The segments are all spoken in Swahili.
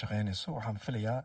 shaqeynayso waxaan filayaa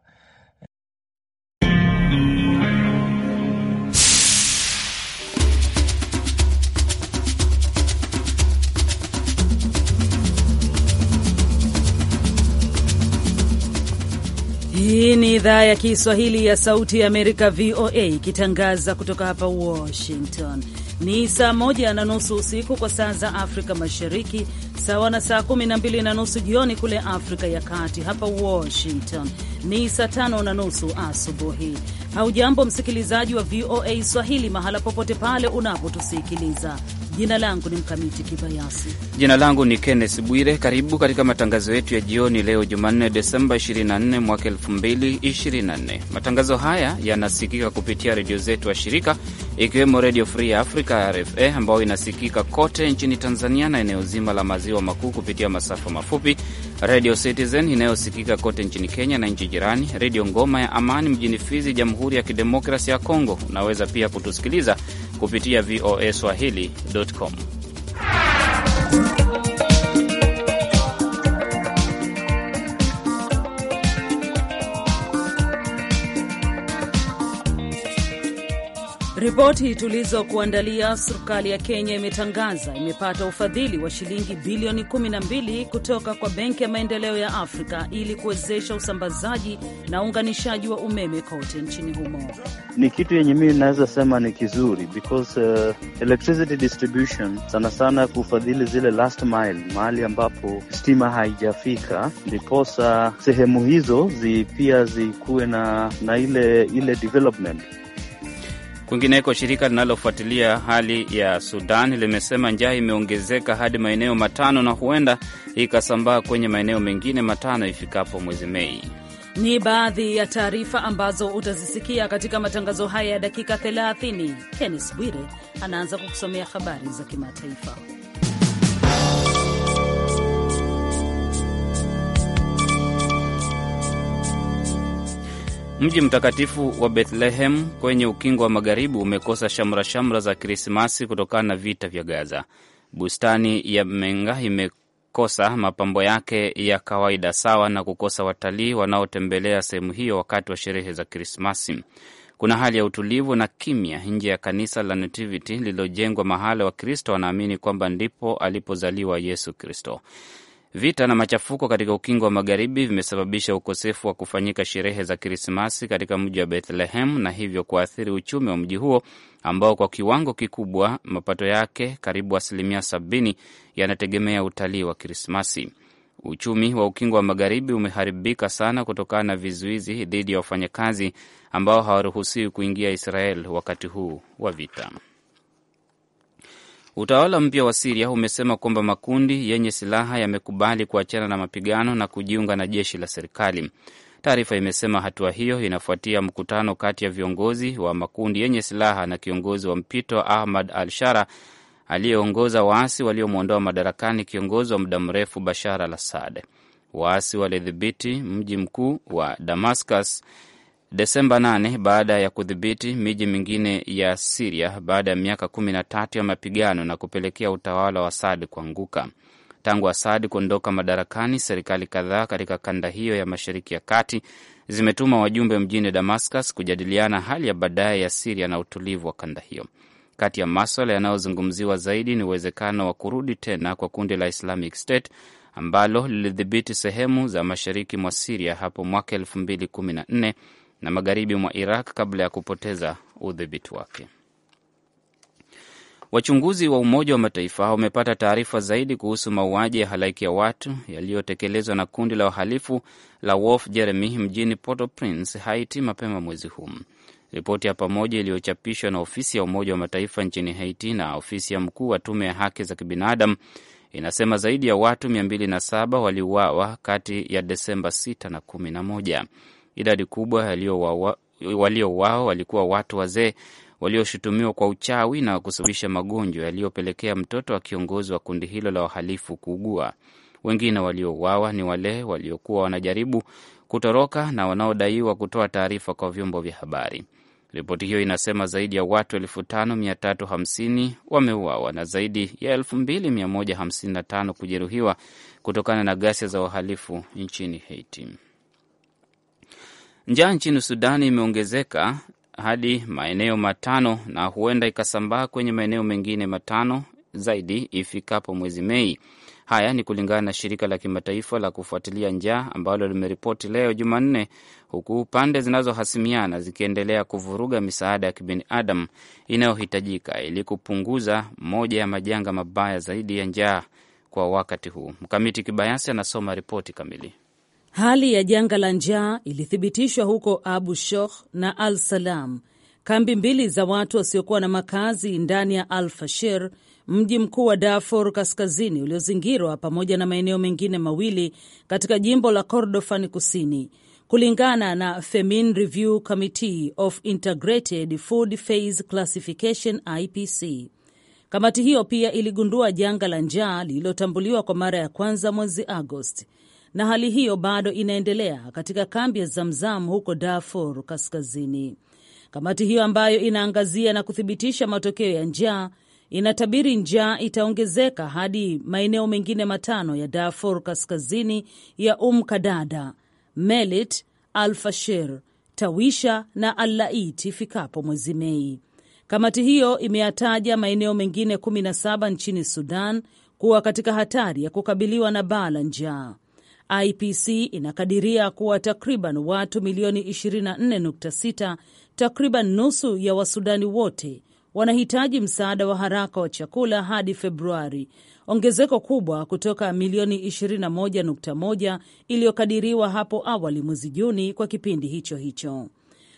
Hii ni idhaa ya Kiswahili ya Sauti ya Amerika, VOA, ikitangaza kutoka hapa Washington. Ni saa moja na nusu usiku kwa saa za Afrika Mashariki, sawa na saa kumi na mbili na nusu jioni kule Afrika ya Kati. Hapa Washington ni saa tano na nusu asubuhi. Haujambo msikilizaji wa VOA Swahili, mahala popote pale unapotusikiliza. Jina langu ni Mkamiti Kibayasi. Jina langu ni Kenneth Bwire. Karibu katika matangazo yetu ya jioni leo Jumanne, Desemba 24 mwaka 2024. Matangazo haya yanasikika kupitia redio zetu wa shirika ikiwemo Redio Free Africa RFA ambayo inasikika kote nchini Tanzania na eneo zima la maziwa makuu kupitia masafa mafupi, Redio Citizen inayosikika kote nchini Kenya na nchi jirani, Redio Ngoma ya Amani mjini Fizi, Jamhuri ya Kidemokrasia ya Kongo. Unaweza pia kutusikiliza kupitia voa swahili.com. Ripoti tulizokuandalia, serikali ya Kenya imetangaza imepata ufadhili wa shilingi bilioni 12 kutoka kwa Benki ya Maendeleo ya Afrika ili kuwezesha usambazaji na uunganishaji wa umeme kote nchini humo. Ni kitu yenye mii inaweza sema ni kizuri because uh, electricity distribution sana sana kufadhili zile last mile, mahali ambapo stima haijafika, ndiposa sehemu hizo zi pia zikuwe na, na ile ile development Kwingineko, shirika linalofuatilia hali ya Sudan limesema njaa imeongezeka hadi maeneo matano na huenda ikasambaa kwenye maeneo mengine matano ifikapo mwezi Mei. Ni baadhi ya taarifa ambazo utazisikia katika matangazo haya ya dakika 30. Kennis Bwire anaanza kukusomea habari za kimataifa. Mji mtakatifu wa Bethlehem kwenye ukingo wa magharibi umekosa shamra shamra za Krismasi kutokana na vita vya Gaza. Bustani ya Menga imekosa mapambo yake ya kawaida sawa na kukosa watalii wanaotembelea sehemu hiyo wakati wa sherehe za Krismasi. Kuna hali ya utulivu na kimya nje ya kanisa la Nativity lililojengwa mahala Wakristo wanaamini kwamba ndipo alipozaliwa Yesu Kristo. Vita na machafuko katika ukingo wa magharibi vimesababisha ukosefu wa kufanyika sherehe za Krismasi katika mji wa Bethlehem na hivyo kuathiri uchumi wa mji huo ambao kwa kiwango kikubwa mapato yake karibu asilimia sabini yanategemea utalii wa Krismasi. Uchumi wa ukingo wa magharibi umeharibika sana kutokana na vizuizi dhidi ya wafanyakazi ambao hawaruhusiwi kuingia Israel wakati huu wa vita. Utawala mpya wa Siria umesema kwamba makundi yenye silaha yamekubali kuachana na mapigano na kujiunga na jeshi la serikali. Taarifa imesema hatua hiyo inafuatia mkutano kati ya viongozi wa makundi yenye silaha na kiongozi wa mpito Ahmad al Shara aliyeongoza waasi waliomwondoa madarakani kiongozi wa muda mrefu Bashar al Assad. Waasi walidhibiti mji mkuu wa Damascus Desemba 8 baada ya kudhibiti miji mingine ya Siria baada ya miaka 13 ya mapigano na kupelekea utawala wa sad kuanguka. Tangu Asad kuondoka madarakani, serikali kadhaa katika kanda hiyo ya Mashariki ya Kati zimetuma wajumbe mjini Damascus kujadiliana hali ya baadaye ya Siria na utulivu wa kanda hiyo. Kati ya maswala yanayozungumziwa zaidi ni uwezekano wa kurudi tena kwa kundi la Islamic State ambalo lilidhibiti sehemu za mashariki mwa Siria hapo mwaka 2014 na magharibi mwa Iraq kabla ya kupoteza udhibiti wake. Wachunguzi wa Umoja wa Mataifa wamepata taarifa zaidi kuhusu mauaji ya halaiki ya watu yaliyotekelezwa na kundi la wahalifu la Wolf Jeremy mjini Port-au-Prince, Haiti mapema mwezi huu. Ripoti ya pamoja iliyochapishwa na ofisi ya Umoja wa Mataifa nchini Haiti na ofisi ya mkuu wa tume ya haki za kibinadamu inasema zaidi ya watu 207 waliuawa kati ya Desemba 6 na 11. Idadi kubwa waliouawa walikuwa watu wazee walioshutumiwa kwa uchawi na kusababisha magonjwa yaliyopelekea mtoto wa kiongozi wa kundi hilo la wahalifu kuugua. Wengine waliouawa ni wale waliokuwa wanajaribu kutoroka na wanaodaiwa kutoa taarifa kwa vyombo vya habari. Ripoti hiyo inasema zaidi ya watu 5350 wameuawa na zaidi ya 2155 kujeruhiwa kutokana na ghasia za wahalifu nchini Haiti. Njaa nchini Sudani imeongezeka hadi maeneo matano na huenda ikasambaa kwenye maeneo mengine matano zaidi ifikapo mwezi Mei. Haya ni kulingana na shirika la kimataifa la kufuatilia njaa ambalo limeripoti leo Jumanne, huku pande zinazohasimiana zikiendelea kuvuruga misaada ya kibinadamu inayohitajika ili kupunguza moja ya majanga mabaya zaidi ya njaa kwa wakati huu. Mkamiti Kibayasi anasoma ripoti kamili. Hali ya janga la njaa ilithibitishwa huko Abu Shoh na Al Salam, kambi mbili za watu wasiokuwa na makazi ndani ya Al Fashir, mji mkuu wa Darfur Kaskazini uliozingirwa, pamoja na maeneo mengine mawili katika jimbo la Kordofan Kusini, kulingana na Femin Review Committee of Integrated Food Phase Classification IPC. Kamati hiyo pia iligundua janga la njaa lililotambuliwa kwa mara ya kwanza mwezi Agosti na hali hiyo bado inaendelea katika kambi ya Zamzam huko Darfur Kaskazini. Kamati hiyo ambayo inaangazia na kuthibitisha matokeo ya njaa inatabiri njaa itaongezeka hadi maeneo mengine matano ya Darfur Kaskazini ya umkadada Melit, Alfashir, Tawisha na allait ifikapo mwezi Mei. Kamati hiyo imeyataja maeneo mengine 17 nchini Sudan kuwa katika hatari ya kukabiliwa na baa la njaa. IPC inakadiria kuwa takriban watu milioni 24.6, takriban nusu ya Wasudani wote wanahitaji msaada wa haraka wa chakula hadi Februari, ongezeko kubwa kutoka milioni 21.1 iliyokadiriwa hapo awali mwezi Juni kwa kipindi hicho hicho.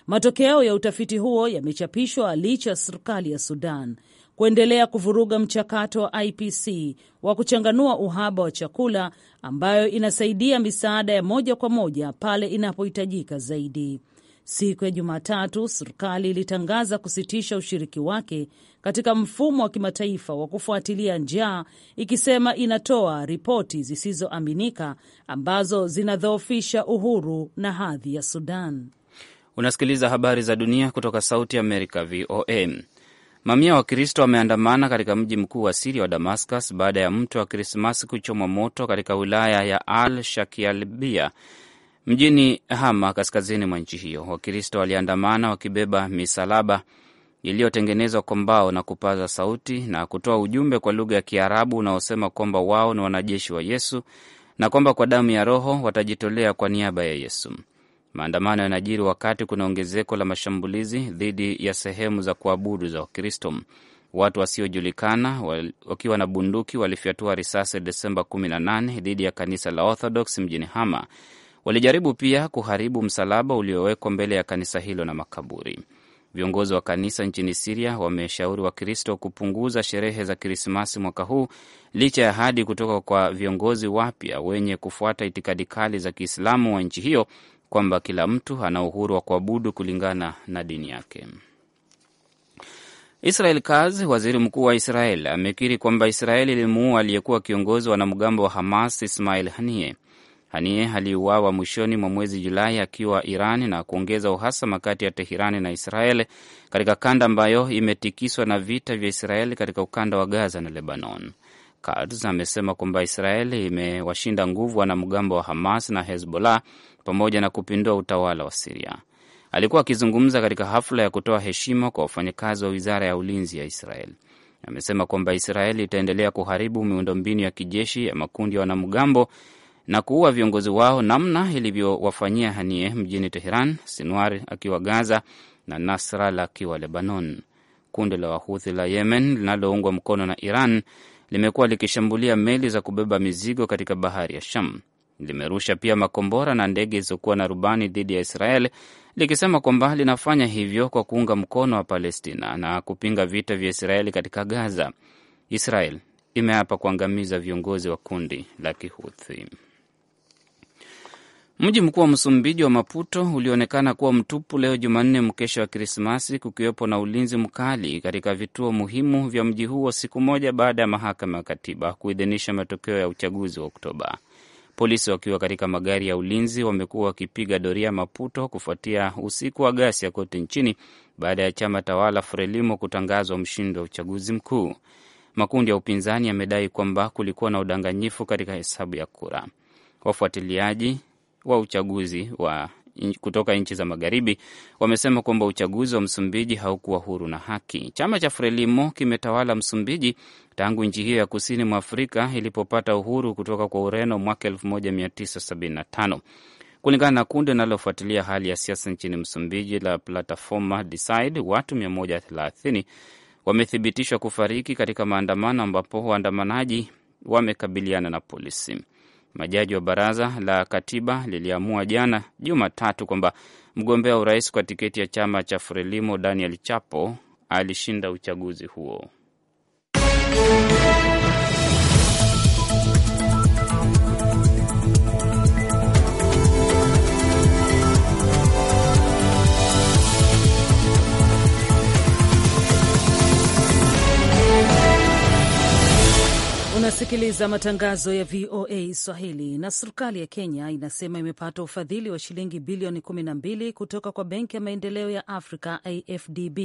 Matokeo ya utafiti huo yamechapishwa licha ya serikali ya Sudan kuendelea kuvuruga mchakato wa IPC wa kuchanganua uhaba wa chakula ambayo inasaidia misaada ya moja kwa moja pale inapohitajika zaidi. Siku ya Jumatatu, serikali ilitangaza kusitisha ushiriki wake katika mfumo wa kimataifa wa kufuatilia njaa, ikisema inatoa ripoti zisizoaminika ambazo zinadhoofisha uhuru na hadhi ya Sudan. Unasikiliza habari za dunia kutoka Sauti ya Amerika, VOA. Mamia Wakristo wameandamana katika mji mkuu wa Siria wa Damascus baada ya mto wa Krismasi kuchomwa moto katika wilaya ya Al Shakialbia mjini Hama, kaskazini mwa nchi hiyo. Wakristo waliandamana wakibeba misalaba iliyotengenezwa kwa mbao na kupaza sauti na kutoa ujumbe kwa lugha ya Kiarabu unaosema kwamba wao ni wanajeshi wa Yesu na kwamba kwa damu ya Roho watajitolea kwa niaba ya Yesu. Maandamano yanajiri wakati kuna ongezeko la mashambulizi dhidi ya sehemu za kuabudu za Wakristo. Watu wasiojulikana wakiwa na bunduki walifyatua risasi Desemba 18 dhidi ya kanisa la Orthodox mjini Hama. Walijaribu pia kuharibu msalaba uliowekwa mbele ya kanisa hilo na makaburi. Viongozi wa kanisa nchini Siria wameshauri Wakristo kupunguza sherehe za Krismasi mwaka huu licha ya ahadi kutoka kwa viongozi wapya wenye kufuata itikadi kali za Kiislamu wa nchi hiyo kwamba kila mtu ana uhuru wa kuabudu kulingana na dini yake. Israel Katz, waziri mkuu wa Israel, amekiri kwamba Israel ilimuua aliyekuwa kiongozi wa wanamgambo wa Hamas Ismail Haniyeh. Haniyeh aliuawa mwishoni mwa mwezi Julai akiwa Iran na kuongeza uhasama kati ya Teherani na Israel katika kanda ambayo imetikiswa na vita vya Israel katika ukanda wa Gaza na Lebanon. Katz amesema kwamba Israel imewashinda nguvu wanamgambo wa Hamas na Hezbollah pamoja na kupindua utawala wa Siria. Alikuwa akizungumza katika hafla ya kutoa heshima kwa wafanyakazi wa wizara ya ulinzi ya Israel. Amesema kwamba israel itaendelea kuharibu miundombinu ya kijeshi ya makundi ya wanamgambo na kuua viongozi wao namna ilivyowafanyia Hanie mjini Teheran, Sinwar akiwa Gaza na nasral akiwa Lebanon. Kundi la Wahuthi la Yemen linaloungwa mkono na Iran limekuwa likishambulia meli za kubeba mizigo katika bahari ya Sham limerusha pia makombora na ndege zilizokuwa na rubani dhidi ya Israel likisema kwamba linafanya hivyo kwa kuunga mkono wa Palestina na kupinga vita vya Israeli katika Gaza. Israel imeapa kuangamiza viongozi wa kundi la Kihuthi. Mji mkuu wa Msumbiji wa Maputo ulionekana kuwa mtupu leo Jumanne, mkesha wa Krismasi, kukiwepo na ulinzi mkali katika vituo muhimu vya mji huo, siku moja baada ya mahakama ya katiba kuidhinisha matokeo ya uchaguzi wa Oktoba. Polisi wakiwa katika magari ya ulinzi wamekuwa wakipiga doria Maputo kufuatia usiku wa ghasia kote nchini baada ya chama tawala Frelimo kutangazwa mshindi wa uchaguzi mkuu. Makundi ya upinzani yamedai kwamba kulikuwa na udanganyifu katika hesabu ya kura. Wafuatiliaji wa uchaguzi wa kutoka nchi za magharibi wamesema kwamba uchaguzi wa Msumbiji haukuwa huru na haki. Chama cha Frelimo kimetawala Msumbiji tangu nchi hiyo ya kusini mwa Afrika ilipopata uhuru kutoka kwa Ureno mwaka 1975. Kulingana na kundi linalofuatilia hali ya siasa nchini Msumbiji la Plataforma Decide, watu 130 wamethibitishwa kufariki katika maandamano ambapo waandamanaji wamekabiliana na polisi. Majaji wa baraza la katiba liliamua jana Jumatatu kwamba mgombea urais kwa tiketi ya chama cha Frelimo Daniel Chapo alishinda uchaguzi huo. Unasikiliza matangazo ya VOA Swahili. Na serikali ya Kenya inasema imepata ufadhili wa shilingi bilioni 12 kutoka kwa Benki ya Maendeleo ya Afrika, AFDB,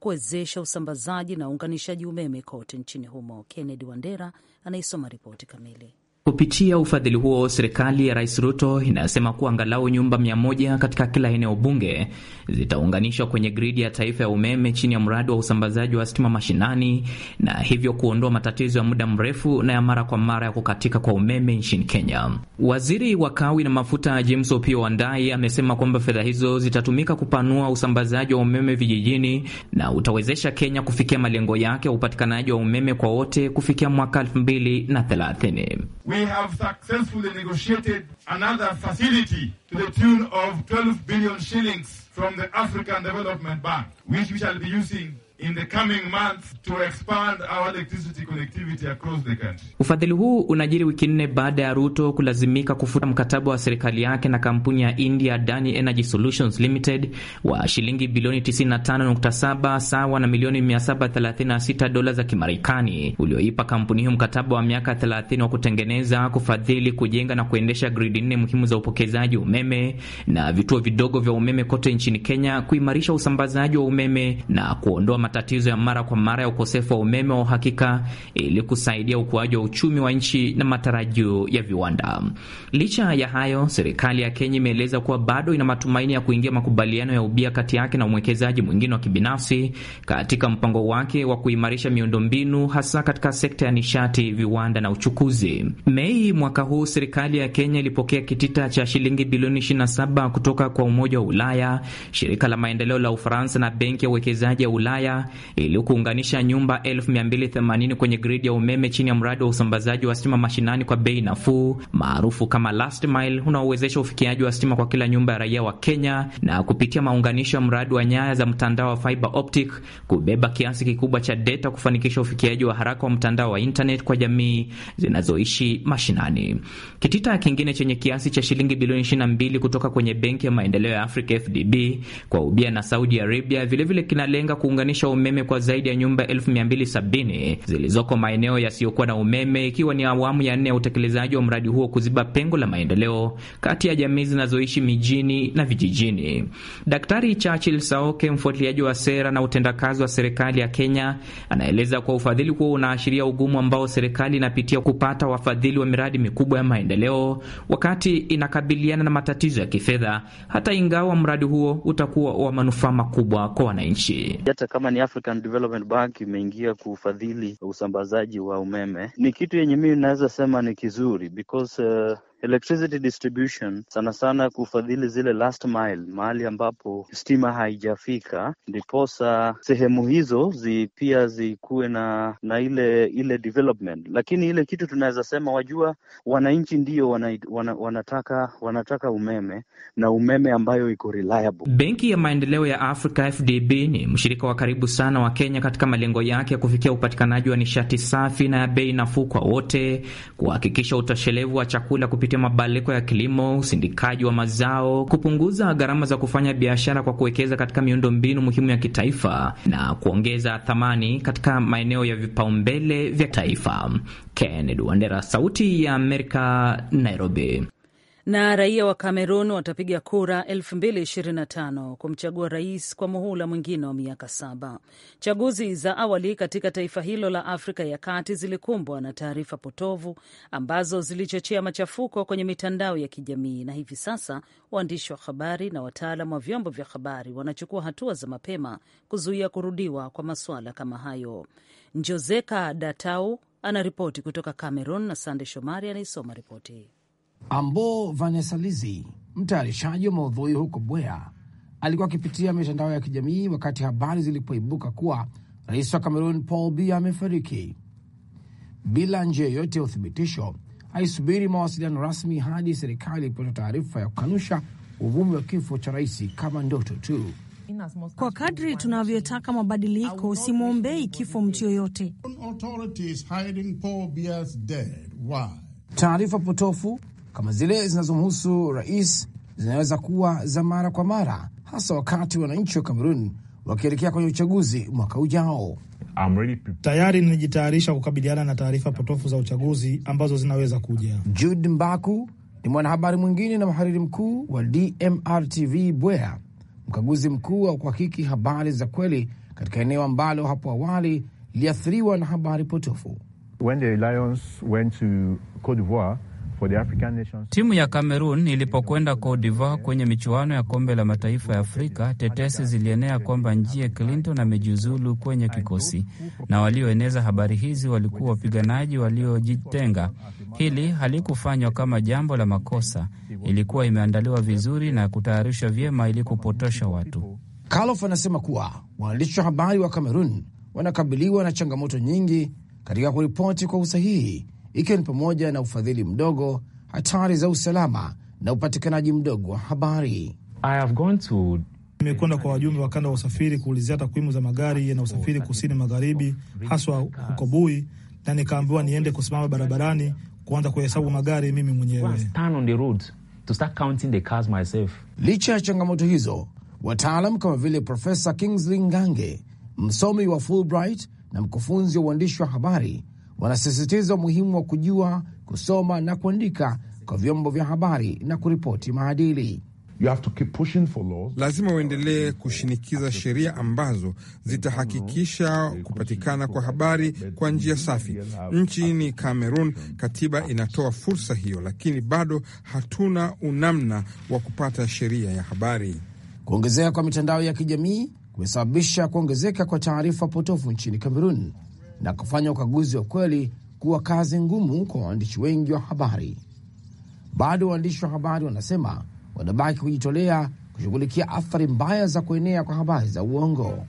kuwezesha usambazaji na uunganishaji umeme kote nchini humo. Kennedy Wandera anaisoma ripoti kamili. Kupitia ufadhili huo, serikali ya Rais Ruto inasema kuwa angalau nyumba 1 katika kila eneo bunge zitaunganishwa kwenye gridi ya taifa ya umeme chini ya mradi wa usambazaji wa stima mashinani, na hivyo kuondoa matatizo ya muda mrefu na ya mara kwa mara ya kukatika kwa umeme nchini Kenya. Waziri wa Kawi na Mafuta James Opio Wandai amesema kwamba fedha hizo zitatumika kupanua usambazaji wa umeme vijijini na utawezesha Kenya kufikia malengo yake ya upatikanaji wa umeme kwa wote kufikia mwaka 2030. we have successfully negotiated another facility to the tune of 12 billion shillings from the African Development Bank, which we shall be using in the coming months to expand our electricity connectivity across the country. Ufadhili huu unajiri wiki nne baada ya Ruto kulazimika kufuta mkataba wa serikali yake na kampuni ya India Dani Energy Solutions Limited wa shilingi bilioni 95.7 sawa na milioni 736 dola za Kimarekani ulioipa kampuni hiyo mkataba wa miaka 30 wa kutengeneza, kufadhili, kujenga na kuendesha gridi nne muhimu za upokezaji umeme na vituo vidogo vya umeme kote nchini Kenya, kuimarisha usambazaji wa umeme na kuondoa matatizo ya mara kwa mara ya ukosefu wa umeme wa uhakika ili kusaidia ukuaji wa uchumi wa nchi na matarajio ya viwanda. Licha ya hayo, serikali ya Kenya imeeleza kuwa bado ina matumaini ya kuingia makubaliano ya ubia kati yake na umwekezaji mwingine wa kibinafsi katika mpango wake wa kuimarisha miundombinu hasa katika sekta ya nishati, viwanda na uchukuzi. Mei mwaka huu serikali ya Kenya ilipokea kitita cha shilingi bilioni 27 kutoka kwa Umoja wa Ulaya, shirika la maendeleo la Ufaransa na benki ya uwekezaji ya Ulaya ili kuunganisha nyumba 1280 kwenye gridi ya umeme chini ya mradi wa usambazaji wa stima mashinani kwa bei nafuu maarufu kama last mile, unaowezesha ufikiaji wa stima kwa kila nyumba ya raia wa Kenya na kupitia maunganisho ya mradi wa nyaya za mtandao wa fiber optic kubeba kiasi kikubwa cha data kufanikisha ufikiaji wa haraka wa mtandao wa internet kwa jamii zinazoishi mashinani. Kitita kingine chenye kiasi cha shilingi bilioni 22 kutoka kwenye Benki ya Maendeleo ya Afrika FDB kwa ubia na Saudi Arabia vilevile vile kinalenga kuunganisha kuunganisha umeme kwa zaidi ya nyumba 270 zilizoko maeneo yasiyokuwa na umeme, ikiwa ni awamu ya nne ya utekelezaji wa mradi huo kuziba pengo la maendeleo kati ya jamii zinazoishi mijini na vijijini. Daktari Churchill Saoke, mfuatiliaji wa sera na utendakazi wa serikali ya Kenya, anaeleza kuwa ufadhili huo unaashiria ugumu ambao serikali inapitia kupata wafadhili wa miradi mikubwa ya maendeleo wakati inakabiliana na matatizo ya kifedha, hata ingawa mradi huo utakuwa wa manufaa makubwa kwa wananchi. Hata kama yani African Development Bank imeingia kufadhili usambazaji wa umeme. Ni kitu yenye mimi naweza sema ni kizuri because uh, electricity distribution sana sana kufadhili zile last mile, mahali ambapo stima haijafika, ndiposa sehemu hizo zi pia zikuwe na na ile ile development. Lakini ile kitu tunaweza sema, wajua, wananchi ndio wana, wana, wanataka wanataka umeme na umeme ambayo iko reliable. Benki ya Maendeleo ya Afrika FDB ni mshirika wa karibu sana wa Kenya katika malengo yake ya kufikia upatikanaji wa nishati safi na ya bei nafuu kwa wote, kuhakikisha utoshelevu wa chakula kupi kupitia mabadiliko ya kilimo, usindikaji wa mazao, kupunguza gharama za kufanya biashara kwa kuwekeza katika miundombinu muhimu ya kitaifa na kuongeza thamani katika maeneo ya vipaumbele vya taifa. Kennedy Wandera, Sauti ya Amerika, Nairobi. Na raia wa Kamerun watapiga kura 2025 kumchagua rais kwa muhula mwingine wa miaka saba. Chaguzi za awali katika taifa hilo la Afrika ya Kati zilikumbwa na taarifa potovu ambazo zilichochea machafuko kwenye mitandao ya kijamii, na hivi sasa waandishi wa habari na wataalam wa vyombo vya habari wanachukua hatua za mapema kuzuia kurudiwa kwa masuala kama hayo. Njozeka Datau anaripoti kutoka Cameron na Sande Shomari anaisoma ripoti hii. Ambo vanessa lizi mtayarishaji wa maudhui huko Bwea, alikuwa akipitia mitandao ya kijamii wakati habari zilipoibuka kuwa rais wa Cameroon Paul Biya amefariki. Bila njia yoyote ya uthibitisho, haisubiri mawasiliano rasmi hadi serikali ipata taarifa ya kukanusha uvumi wa kifo cha rais kama ndoto tu. Kwa kadri tunavyotaka mabadiliko, simwombei kifo mtu yoyote. Taarifa potofu kama zile zinazomhusu rais zinaweza kuwa za mara kwa mara, hasa wakati wananchi wa Kamerun wakielekea kwenye uchaguzi mwaka ujao. Really... tayari ninajitayarisha kukabiliana na taarifa potofu za uchaguzi ambazo zinaweza kuja. Jude Mbaku ni mwanahabari mwingine na mhariri mkuu wa DMRTV Bwea, mkaguzi mkuu wa kuhakiki habari za kweli katika eneo ambalo hapo awali liathiriwa na habari potofu. When the Lions went to Cote d'Ivoire Timu ya Cameroon ilipokwenda Cote d'Ivoire kwenye michuano ya kombe la mataifa ya Afrika, tetesi zilienea kwamba Njie Clinton amejiuzulu kwenye kikosi, na walioeneza habari hizi walikuwa wapiganaji waliojitenga. Hili halikufanywa kama jambo la makosa, ilikuwa imeandaliwa vizuri na kutayarishwa vyema ili kupotosha watu. Kalof anasema kuwa waandishi wa habari wa Cameroon wanakabiliwa na changamoto nyingi katika kuripoti kwa usahihi ikiwa ni pamoja na ufadhili mdogo, hatari za usalama na upatikanaji mdogo wa habari. Nimekwenda kwa wajumbe wa kanda wa usafiri kuulizia takwimu za magari yana usafiri kusini magharibi, haswa huko Bui, na nikaambiwa niende kusimama barabarani kuanza kuhesabu magari mimi mwenyewe. Licha ya changamoto hizo, wataalam kama vile Profesa Kingsley Ngange, msomi wa Fulbright na mkufunzi wa uandishi wa habari wanasisitiza umuhimu wa kujua kusoma na kuandika kwa vyombo vya habari na kuripoti maadili. You have to keep pushing for laws. Lazima uendelee kushinikiza sheria ambazo zitahakikisha kupatikana kwa habari kwa njia safi. Nchini Kamerun katiba inatoa fursa hiyo, lakini bado hatuna unamna wa kupata sheria ya habari. Kuongezeka kwa mitandao ya kijamii kumesababisha kuongezeka kwa taarifa potofu nchini Kamerun na kufanya ukaguzi wa kweli kuwa kazi ngumu kwa waandishi wengi wa habari. Bado waandishi wa habari wanasema wanabaki kujitolea kushughulikia athari mbaya za kuenea kwa habari za uongo.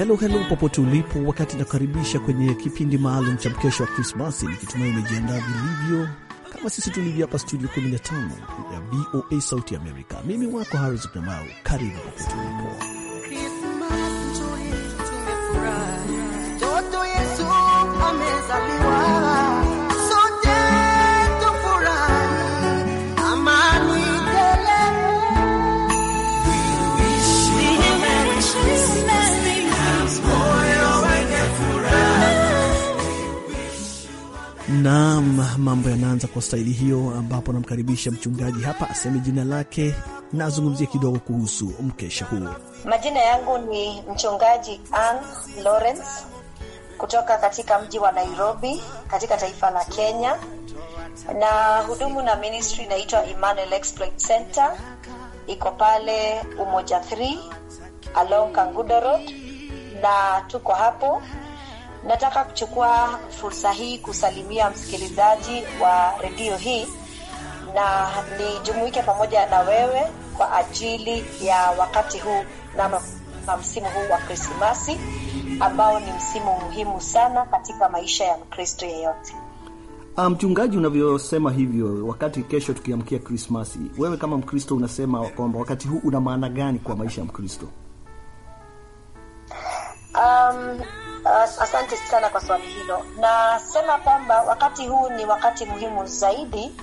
Helo helo popote ulipo, wakati nakaribisha kwenye kipindi maalum cha mkesho wa Krismasi, nikitumai umejiandaa vilivyo kama sisi tulivyo hapa studio 15 ya VOA Sauti Amerika. Mimi wako Harrison Kamau, karibu popote ulipo. Naam, mambo yanaanza kwa staili hiyo, ambapo namkaribisha mchungaji hapa aseme jina lake na azungumzie kidogo kuhusu mkesha huo Majina yangu ni mchungaji Ann Lawrence kutoka katika mji wa Nairobi katika taifa la Kenya, na hudumu na ministry inaitwa Emmanuel Exploit Center, iko pale Umoja 3 along Kangudo Road, na tuko hapo Nataka kuchukua fursa hii kusalimia msikilizaji wa redio hii na nijumuike pamoja na wewe kwa ajili ya wakati huu na msimu huu wa Krismasi ambao ni msimu muhimu sana katika maisha ya Mkristo yeyote. Ah, mchungaji, um, unavyosema hivyo, wakati kesho tukiamkia Krismasi, wewe kama Mkristo unasema kwamba wakati huu una maana gani kwa maisha ya Mkristo? um, Uh, asante sana kwa swali hilo. Nasema kwamba wakati huu ni wakati muhimu zaidi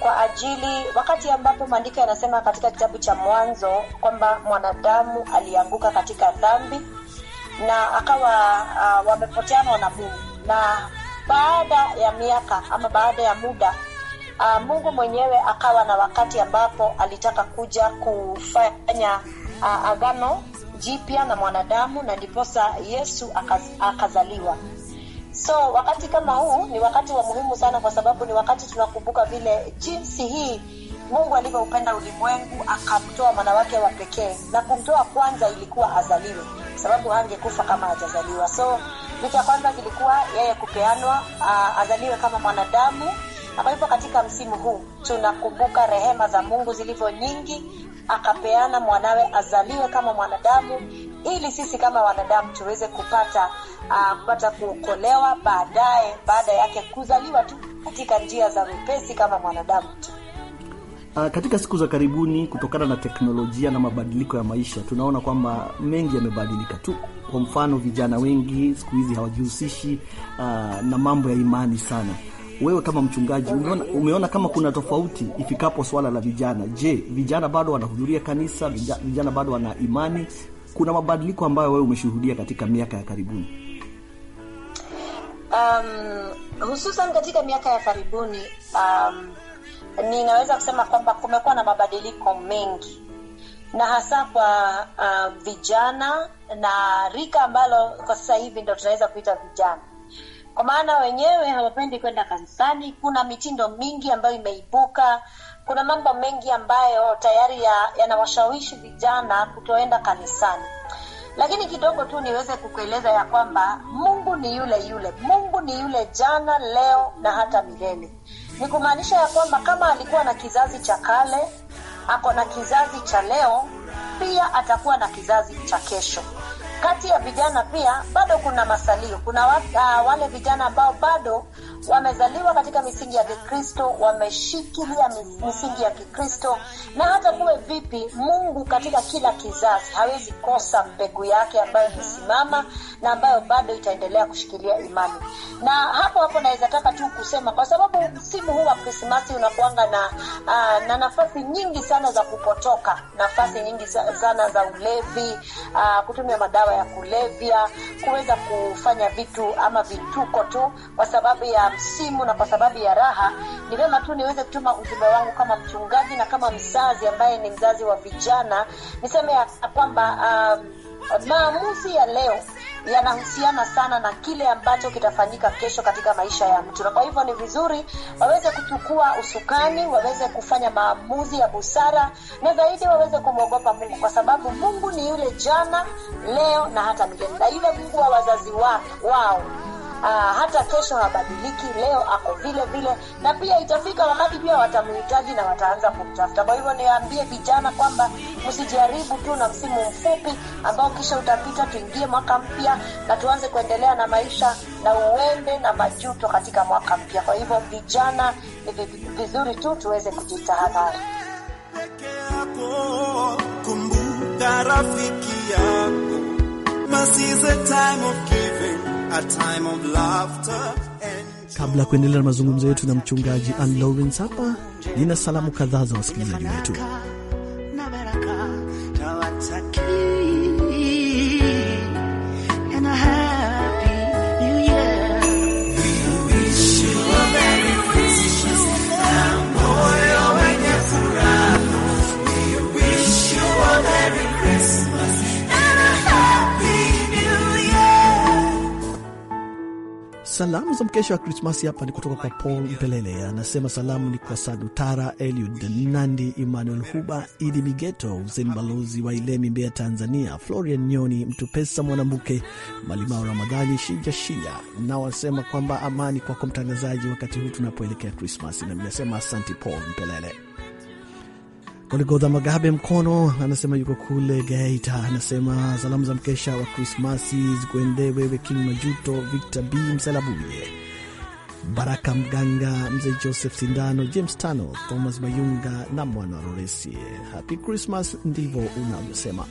kwa ajili, wakati ambapo maandiko yanasema katika kitabu cha Mwanzo kwamba mwanadamu alianguka katika dhambi na akawa uh, wamepoteana na Mungu, na baada ya miaka ama baada ya muda uh, Mungu mwenyewe akawa na wakati ambapo alitaka kuja kufanya uh, agano jipya na mwanadamu, na ndiposa Yesu akaz, akazaliwa. So wakati kama huu ni wakati wa muhimu sana, kwa sababu ni wakati tunakumbuka vile jinsi hii Mungu alivyoupenda ulimwengu akamtoa mwana wake wa pekee, na kumtoa kwanza ilikuwa azaliwe, sababu hangekufa kama hajazaliwa. So vitu ya kwanza vilikuwa yeye kupeanwa, azaliwe kama mwanadamu. Na kwa hivyo katika msimu huu tunakumbuka rehema za Mungu zilivyo nyingi akapeana mwanawe azaliwe kama mwanadamu ili sisi kama wanadamu tuweze kupata uh, kupata kuokolewa baadaye, baada yake kuzaliwa tu katika njia za mepesi kama mwanadamu tu. Ah, katika siku za karibuni, kutokana na teknolojia na mabadiliko ya maisha, tunaona kwamba mengi yamebadilika tu. Kwa mfano, vijana wengi siku hizi hawajihusishi uh, na mambo ya imani sana wewe kama mchungaji umeona, umeona kama kuna tofauti ifikapo swala la vijana? Je, vijana bado wanahudhuria kanisa? Vijana bado wana imani? Kuna mabadiliko ambayo wewe umeshuhudia katika miaka ya karibuni? Um, hususan katika miaka ya karibuni um, ninaweza kusema kwamba kumekuwa na mabadiliko mengi na hasa kwa uh, vijana na rika ambalo kwa sasa hivi ndo tunaweza kuita vijana kwa maana wenyewe hawapendi kwenda kanisani. Kuna mitindo mingi ambayo imeibuka, kuna mambo mengi ambayo tayari yanawashawishi ya vijana kutoenda kanisani. Lakini kidogo tu niweze kukueleza ya kwamba Mungu ni yule yule. Mungu ni yule jana, leo na hata milele. Ni kumaanisha ya kwamba kama alikuwa na kizazi cha kale, ako na kizazi cha leo, pia atakuwa na kizazi cha kesho. Kati ya vijana pia bado kuna masalio, kuna uh, wale vijana ambao bado wamezaliwa katika misingi ya Kikristo, wameshikilia misingi ya Kikristo, na hata kuwe vipi, Mungu katika kila kizazi hawezi kosa mbegu yake ambayo imesimama na ambayo bado itaendelea kushikilia imani. Na hapo hapo naweza taka tu kusema, kwa sababu msimu huu wa Krismasi unakuanga na, uh, na nafasi nyingi sana za kupotoka, nafasi nyingi sana za ulevi, uh, kutumia madawa ya kulevya, kuweza kufanya vitu ama vituko tu kwa sababu ya msimu simu na kwa sababu ya raha, ni vema tu niweze kutuma ujumbe wangu kama mchungaji na kama mzazi ambaye ni mzazi wa vijana, niseme ya kwamba um, maamuzi ya leo yanahusiana sana na kile ambacho kitafanyika kesho katika maisha ya mtu, na kwa hivyo ni vizuri waweze kuchukua usukani, waweze kufanya maamuzi ya busara, na zaidi waweze kumwogopa Mungu, kwa sababu Mungu ni yule jana, leo na hata milele, na yule Mungu wa wazazi wa, wao aa, ah, hata kesho habadiliki, leo ako vile vile, na pia itafika wakati pia watamhitaji na wataanza kumtafuta. Kwa hivyo niambie vijana kwamba msijaribu tu na msimu mfupi ambao kisha utapita, tuingie mwaka mpya na tuanze kuendelea na maisha na uwembe na majuto katika mwaka mpya. Kwa hivyo vijana, ni vizuri tu tuweze kujitahadhari. Kumbuka rafiki yako. This is a time of giving. Kabla ya kuendelea na mazungumzo yetu na mchungaji Ann Lawrence, hapa nina salamu kadhaa za wasikilizaji wetu. Salamu za mkesha wa Krismasi hapa ni kutoka kwa Paul Mpelele, anasema salamu ni kwa Sadutara Eliud Nandi, Emmanuel Huba, Idi Migeto, Hussein balozi wa Ilemi, Mbeya, Tanzania, Florian Nyoni, Mtu Pesa Mwanambuke, Malimao Ramadhani Shija Shija, na wasema kwamba amani kwako mtangazaji, wakati huu tunapoelekea Krismasi, na mnasema asanti Paul Mpelele. Goligodha Magabe Mkono anasema yuko kule Geita, anasema salamu za mkesha wa Krismasi zikuendee wewe, King Majuto, Victor B Msalabuye, Baraka Mganga, Mzee Joseph Sindano, James Tano, Thomas Mayunga na Mwana Roresi. Happy Christmas, ndivyo unavyosema.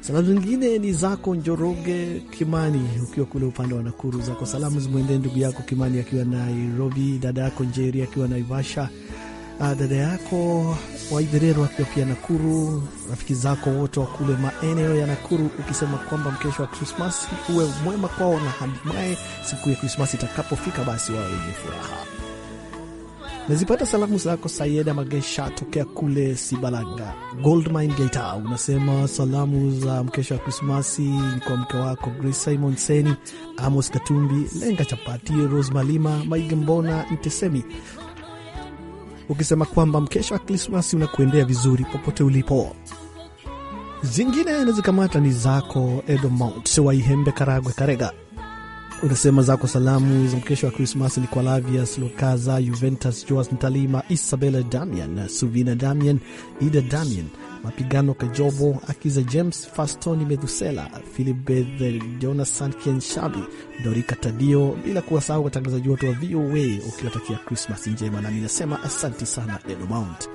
Salamu zingine ni zako Njoroge Kimani, ukiwa kule upande wa Nakuru. Zako salamu zimwendee ndugu yako Kimani akiwa Nairobi, dada yako Njeri akiwa Naivasha, Ah, dada yako Waidhereru wakiwa pia Nakuru, rafiki zako wote wa kule maeneo ya Nakuru, ukisema kwamba mkesho wa Krismasi uwe mwema kwao na hatimaye siku ya Krismasi itakapofika basi wawe wenye furaha. Nazipata salamu zako Sayeda Magesha tokea kule Sibalanga Goldmine Geita. Unasema salamu za mkesho wa Krismasi ni kwa mke wako Grace Simon Seni, Amos Katumbi, Lenga Chapati, Rose Malima, Maige Mbona Ntesemi, ukisema kwamba mkesha wa Krismasi unakuendea vizuri popote ulipo. Zingine nazikamata ni zako Edomount Waihembe Karagwe Karega unasema zako salamu za mkesho wa Krismas ni kwa Lavias Lukaza, Juventus Joas, Ntalima Isabela, Damian Suvina, Damian Ida, Damian Mapigano, Kajobo Akiza, James Fastoni, Methusela Beth, Jonathan Kenshabi, Dorika Tadio, bila kuwasahau watangazaji wote wa VOA ukiwatakia Krismas njema, nami nasema asanti sana Edomount.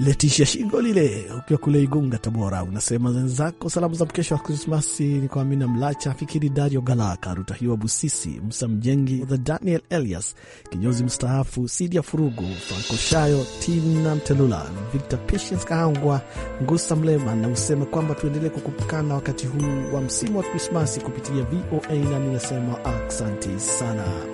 Letisha shingo lile ukiwa kule Igunga, Tabora, unasema zenzako salamu za mkesho wa Krismasi ni kwa Amina Mlacha, Fikiri Dario, Galaka Rutahiwa, Busisi Msa Mjengi, the Daniel Elias kinyozi mstaafu, Sidia Furugu, Franco Shayo, Tina Mtelula, Victor Patience Kahangwa, Ngusa Mlema, na useme kwamba tuendelee kukupukana wakati huu wa msimu wa Krismasi kupitia VOA, na ninasema aksanti sana.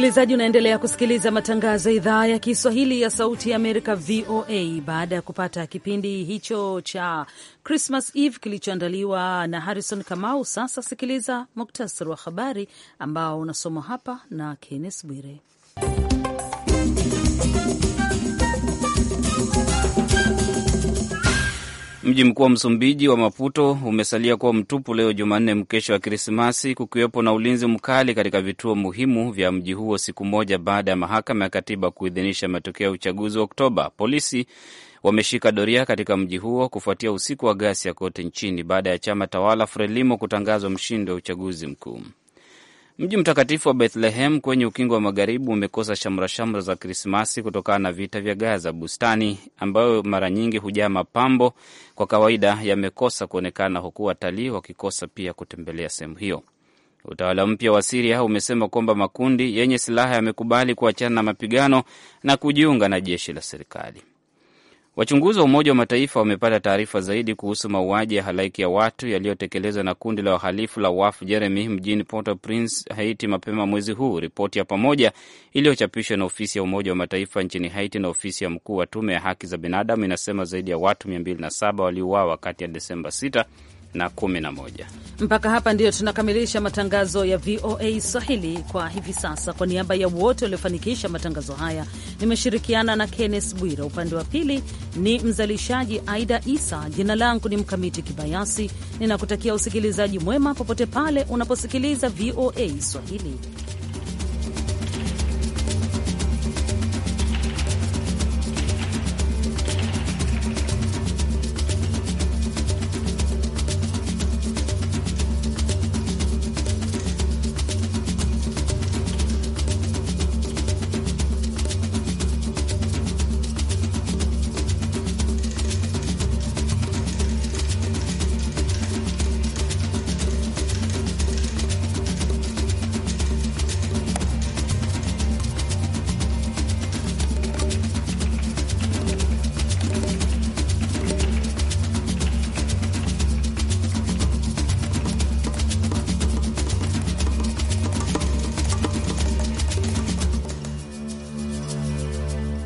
Msikilizaji, unaendelea kusikiliza matangazo ya idhaa ya Kiswahili ya Sauti ya Amerika, VOA. Baada ya kupata kipindi hicho cha Christmas Eve kilichoandaliwa na Harrison Kamau, sasa sikiliza muktasari wa habari ambao unasomwa hapa na Kennes Bwire. Mji mkuu wa Msumbiji wa Maputo umesalia kuwa mtupu leo Jumanne, mkesho wa Krismasi, kukiwepo na ulinzi mkali katika vituo muhimu vya mji huo, siku moja baada ya mahakama ya katiba kuidhinisha matokeo ya uchaguzi wa Oktoba. Polisi wameshika doria katika mji huo kufuatia usiku wa ghasia kote nchini baada ya chama tawala Frelimo kutangazwa mshindi wa uchaguzi mkuu. Mji mtakatifu wa Bethlehem kwenye ukingo wa magharibi umekosa shamra shamra za Krismasi kutokana na vita vya Gaza. Bustani ambayo mara nyingi hujaa mapambo kwa kawaida yamekosa kuonekana, huku watalii wakikosa pia kutembelea sehemu hiyo. Utawala mpya wa Siria umesema kwamba makundi yenye silaha yamekubali kuachana na mapigano na kujiunga na jeshi la serikali. Wachunguzi wa Umoja wa Mataifa wamepata taarifa zaidi kuhusu mauaji ya halaiki ya watu yaliyotekelezwa na kundi la wahalifu la Waf Jeremy mjini Port au Prince, Haiti, mapema mwezi huu. Ripoti ya pamoja iliyochapishwa na ofisi ya Umoja wa Mataifa nchini Haiti na ofisi ya mkuu wa tume ya haki za binadamu inasema zaidi ya watu 207 waliuawa kati ya Desemba 6 na 11. Mpaka hapa ndiyo tunakamilisha matangazo ya VOA Swahili kwa hivi sasa. Kwa niaba ya wote waliofanikisha matangazo haya, nimeshirikiana na kennes Bwira, upande wa pili ni mzalishaji Aida Isa. Jina langu ni Mkamiti Kibayasi, ninakutakia usikilizaji mwema popote pale unaposikiliza VOA Swahili.